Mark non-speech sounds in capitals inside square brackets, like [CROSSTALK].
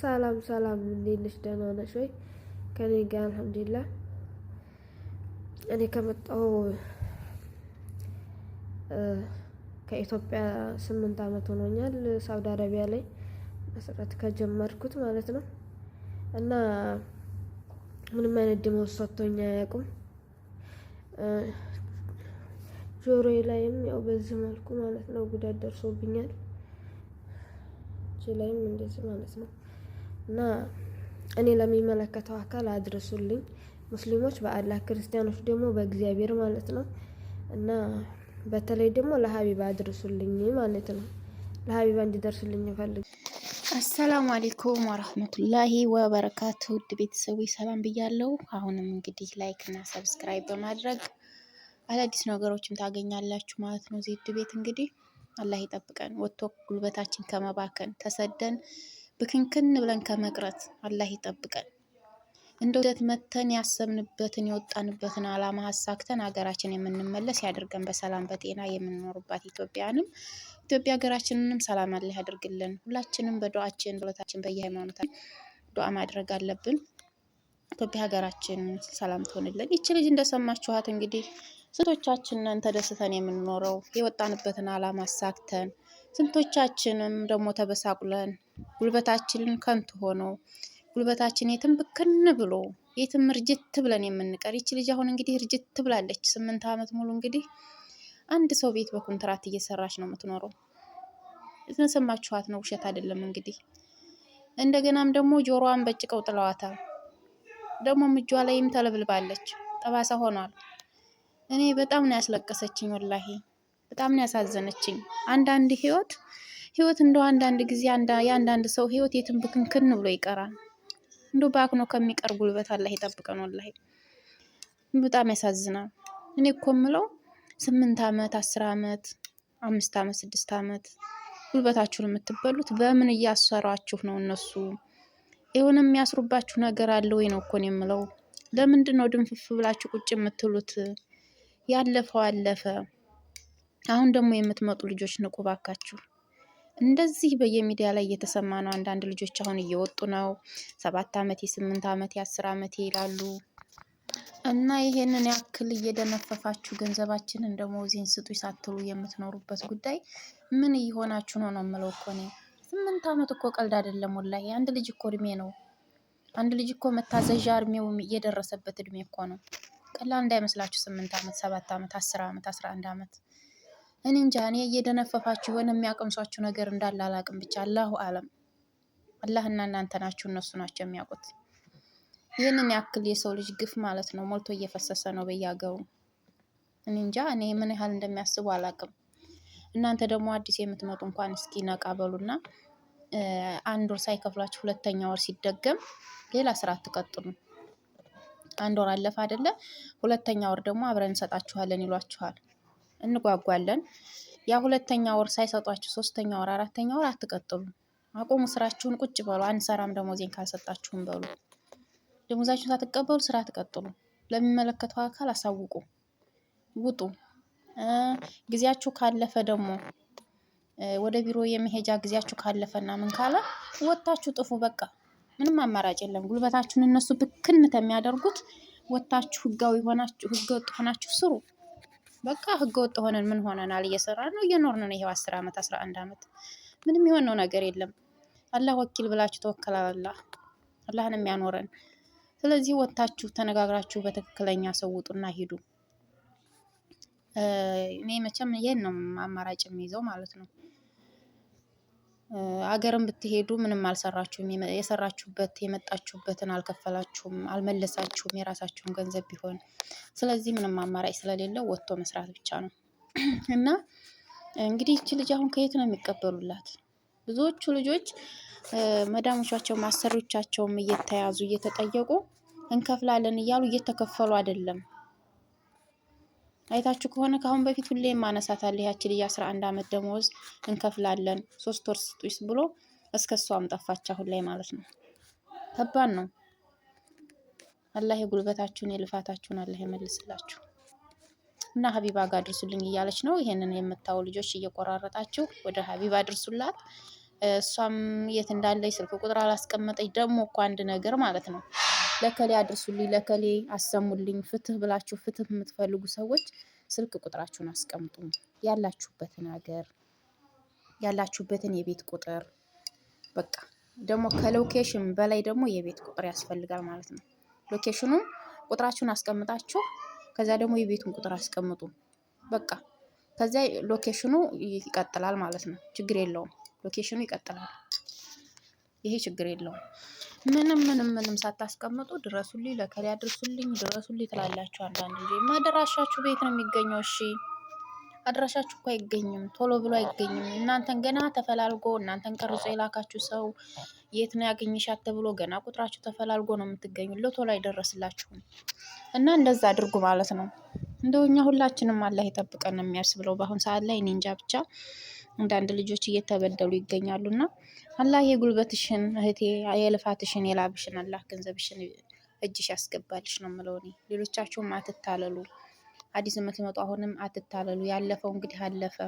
ሰላም ሰላም፣ እንዴት ነሽ? ደህና ነሽ ወይ? ከኔ ጋ አልሐምዱሊላህ። እኔ ከመጣሁ ከኢትዮጵያ ስምንት አመት ሆኖኛል። ሳውዲ አረቢያ ላይ መስራት ከጀመርኩት ማለት ነው። እና ምንም አይነት ደሞዝ ሰጥቶኝ አያውቁም። ጆሮዬ ላይም ያው በዚህ መልኩ ማለት ነው ጉዳት ደርሶብኛል። ላይም እንደዚህ ማለት ነው። እና እኔ ለሚመለከተው አካል አድርሱልኝ። ሙስሊሞች በአላህ ክርስቲያኖች ደግሞ በእግዚአብሔር ማለት ነው። እና በተለይ ደግሞ ለሀቢባ አድርሱልኝ ማለት ነው። ለሀቢባ እንዲደርሱልኝ ይፈልግ። አሰላሙ አሌይኩም ወረህመቱላሂ ወበረካቱ። ውድ ቤተሰቦች ሰላም ብያለው። አሁንም እንግዲህ ላይክ እና ሰብስክራይብ በማድረግ አዳዲስ ነገሮችን ታገኛላችሁ ማለት ነው። ዜድ ቤት እንግዲህ አላህ ይጠብቀን፣ ወጥቶ ጉልበታችን ከመባከን ተሰደን ብክንክን ብለን ከመቅረት አላህ ይጠብቀን። እንደ ውደት መተን ያሰብንበትን የወጣንበትን ዓላማ አሳክተን ሀገራችን የምንመለስ ያድርገን። በሰላም በጤና የምንኖርባት ኢትዮጵያንም ኢትዮጵያ ሀገራችንንም ሰላም አለ ያድርግልን። ሁላችንም በዱዓችን በሎታችን በየሃይማኖታችን ዱዓ ማድረግ አለብን። ኢትዮጵያ ሀገራችን ሰላም ትሆንልን። ይቺ ልጅ እንደሰማችኋት እንግዲህ ስንቶቻችንን ተደስተን የምንኖረው የወጣንበትን አላማ አሳክተን ስንቶቻችንም ደግሞ ተበሳቁለን ጉልበታችንን ከንቱ ሆኖ ጉልበታችን የትም ብክን ብሎ የትም እርጅት ብለን የምንቀር። ይች ልጅ አሁን እንግዲህ እርጅት ብላለች። ስምንት ዓመት ሙሉ እንግዲህ አንድ ሰው ቤት በኮንትራት እየሰራች ነው የምትኖረው። ስለሰማችኋት ነው፣ ውሸት አይደለም። እንግዲህ እንደገናም ደግሞ ጆሮዋን በጭቀው ጥለዋታል። ደግሞ እጇ ላይም ተለብልባለች፣ ጠባሳ ሆኗል። እኔ በጣም ነው ያስለቀሰችኝ ወላሄ በጣም ነው ያሳዘነችኝ። አንዳንድ ህይወት ህይወት እንደው አንዳንድ ጊዜ የአንዳንድ ሰው ህይወት የትም ብክንክን ብሎ ይቀራል። እንደው በአክኖ ከሚቀር ጉልበት አላህ ይጠብቀን። ወላሂ በጣም ያሳዝናል። እኔ እኮ ምለው ስምንት አመት አስር አመት አምስት አመት ስድስት አመት ጉልበታችሁን የምትበሉት በምን እያሰሯችሁ ነው? እነሱ የሆነ የሚያስሩባችሁ ነገር አለ ወይ ነው እኮ የምለው። ለምንድን ነው ድንፍፍ ብላችሁ ቁጭ የምትሉት? ያለፈው አለፈ። አሁን ደግሞ የምትመጡ ልጆች ንቁ ባካችሁ። እንደዚህ በየሚዲያ ላይ እየተሰማ ነው። አንዳንድ ልጆች አሁን እየወጡ ነው። ሰባት አመት ስምንት አመቴ፣ አስር ዓመቴ ይላሉ እና ይሄንን ያክል እየደነፈፋችሁ ገንዘባችንን ደሞዜን ስጡ ሳትሉ የምትኖሩበት ጉዳይ ምን እየሆናችሁ ነው? ነው የምለው እኮ እኔ። ስምንት አመት እኮ ቀልድ አይደለም ወላሂ። አንድ ልጅ እኮ እድሜ ነው። አንድ ልጅ እኮ መታዘዣ እድሜው የደረሰበት እድሜ እኮ ነው። ቀላል እንዳይመስላችሁ ስምንት አመት፣ ሰባት አመት፣ አስር አመት፣ አስራ አንድ አመት እኔ እንጃ እኔ እየደነፈፋችሁ የሆነ የሚያቀምሷችሁ ነገር እንዳለ አላቅም። ብቻ አላሁ አለም አላህና እናንተ ናችሁ፣ እነሱ ናቸው የሚያውቁት። ይህንን ያክል የሰው ልጅ ግፍ ማለት ነው ሞልቶ እየፈሰሰ ነው በየሀገሩ። እኔ እንጃ እኔ ምን ያህል እንደሚያስቡ አላቅም። እናንተ ደግሞ አዲስ የምትመጡ እንኳን እስኪ ነቃ በሉና አንድ ወር ሳይከፍላችሁ ሁለተኛ ወር ሲደገም ሌላ ስራ አትቀጥሉ። አንድ ወር አለፈ አይደለ? ሁለተኛ ወር ደግሞ አብረን እንሰጣችኋለን ይሏችኋል። እንጓጓለን። ያ ሁለተኛ ወር ሳይሰጧችሁ ሶስተኛ ወር አራተኛ ወር አትቀጥሉ። አቆሙ ስራችሁን፣ ቁጭ በሉ። አንሰራም ደሞዜን ካልሰጣችሁም በሉ። ደሞዛችሁን ሳትቀበሉ ስራ አትቀጥሉ። ለሚመለከተው አካል አሳውቁ። ውጡ። ጊዜያችሁ ካለፈ ደግሞ ወደ ቢሮ የመሄጃ ጊዜያችሁ ካለፈና ምን ካለ ወታችሁ ጥፉ። በቃ ምንም አማራጭ የለም። ጉልበታችሁን እነሱ ብክነት የሚያደርጉት ወታችሁ ህጋዊ ሆናችሁ ህገወጥ ሆናችሁ ስሩ። በቃ ህገ ወጥ ሆነን ምን ሆነናል? እየሰራን ነው እየኖርን ነው። ይሄው አስር አመት አስራ አንድ አመት ምንም የሆነው ነገር የለም። አላህ ወኪል ብላችሁ ተወከላል አላህ አላህን የሚያኖረን። ስለዚህ ወጥታችሁ ተነጋግራችሁ በትክክለኛ ሰው ውጡና ሂዱ። እኔ መቼም ይሄን ነው አማራጭ የሚይዘው ማለት ነው። አገርም ብትሄዱ ምንም አልሰራችሁም። የሰራችሁበት የመጣችሁበትን አልከፈላችሁም፣ አልመለሳችሁም የራሳችሁን ገንዘብ ቢሆን። ስለዚህ ምንም አማራጭ ስለሌለው ወጥቶ መስራት ብቻ ነው [CLEARS THROAT] እና እንግዲህ ይቺ ልጅ አሁን ከየት ነው የሚቀበሉላት? ብዙዎቹ ልጆች መዳሞቻቸው ማሰሪዎቻቸውም እየተያዙ እየተጠየቁ እንከፍላለን እያሉ እየተከፈሉ አይደለም። አይታችሁ ከሆነ ከአሁን በፊት ሁሌ ማነሳታል ያችን የአስራ አንድ አመት ደመወዝ እንከፍላለን ሶስት ወር ስጡስ ብሎ እስከ እሷም ጠፋች አሁን ላይ ማለት ነው። ከባድ ነው። አላህ የጉልበታችሁን የልፋታችሁን አላህ የመልስላችሁ እና ሀቢባ ጋር ድርሱልኝ እያለች ነው። ይሄንን የምታው ልጆች እየቆራረጣችሁ ወደ ሀቢባ ድርሱላት። እሷም የት እንዳለች ስልክ ቁጥር አላስቀመጠች ደግሞ እኮ አንድ ነገር ማለት ነው። ለከሌ አድርሱልኝ፣ ለከሌ አሰሙልኝ፣ ፍትህ ብላችሁ ፍትህ የምትፈልጉ ሰዎች ስልክ ቁጥራችሁን አስቀምጡ። ያላችሁበትን ሀገር ያላችሁበትን የቤት ቁጥር በቃ ደግሞ ከሎኬሽን በላይ ደግሞ የቤት ቁጥር ያስፈልጋል ማለት ነው። ሎኬሽኑ ቁጥራችሁን አስቀምጣችሁ ከዚያ ደግሞ የቤቱን ቁጥር አስቀምጡ። በቃ ከዚያ ሎኬሽኑ ይቀጥላል ማለት ነው። ችግር የለውም። ሎኬሽኑ ይቀጥላል። ይሄ ችግር የለውም። ምንም ምንም ምንም ሳታስቀምጡ ድረሱልኝ፣ ለከሌ አድርሱልኝ፣ ድረሱልኝ ትላላችሁ። አንዳንድ ጊዜ ማደራሻችሁ ቤት ነው የሚገኘው። እሺ አድራሻችሁ እኮ አይገኝም፣ ቶሎ ብሎ አይገኝም። እናንተን ገና ተፈላልጎ እናንተን ቀርጾ የላካችሁ ሰው የት ነው ያገኘሻት ተብሎ ገና ቁጥራችሁ ተፈላልጎ ነው የምትገኙ። ለቶሎ አይደረስላችሁም እና እንደዛ አድርጉ ማለት ነው። እንደው እኛ ሁላችንም አላህ ይጠብቀን ነው የሚያስብለው። በአሁን ሰዓት ላይ እኔ እንጃ ብቻ አንዳንድ ልጆች እየተበደሉ ይገኛሉ። እና አላህ የጉልበትሽን እህቴ የልፋትሽን የላብሽን አላህ ገንዘብሽን እጅሽ ያስገባልሽ ነው የምለው እኔ። ሌሎቻችሁም አትታለሉ። አዲስ የምትመጡ አሁንም አትታለሉ። ያለፈው እንግዲህ አለፈ።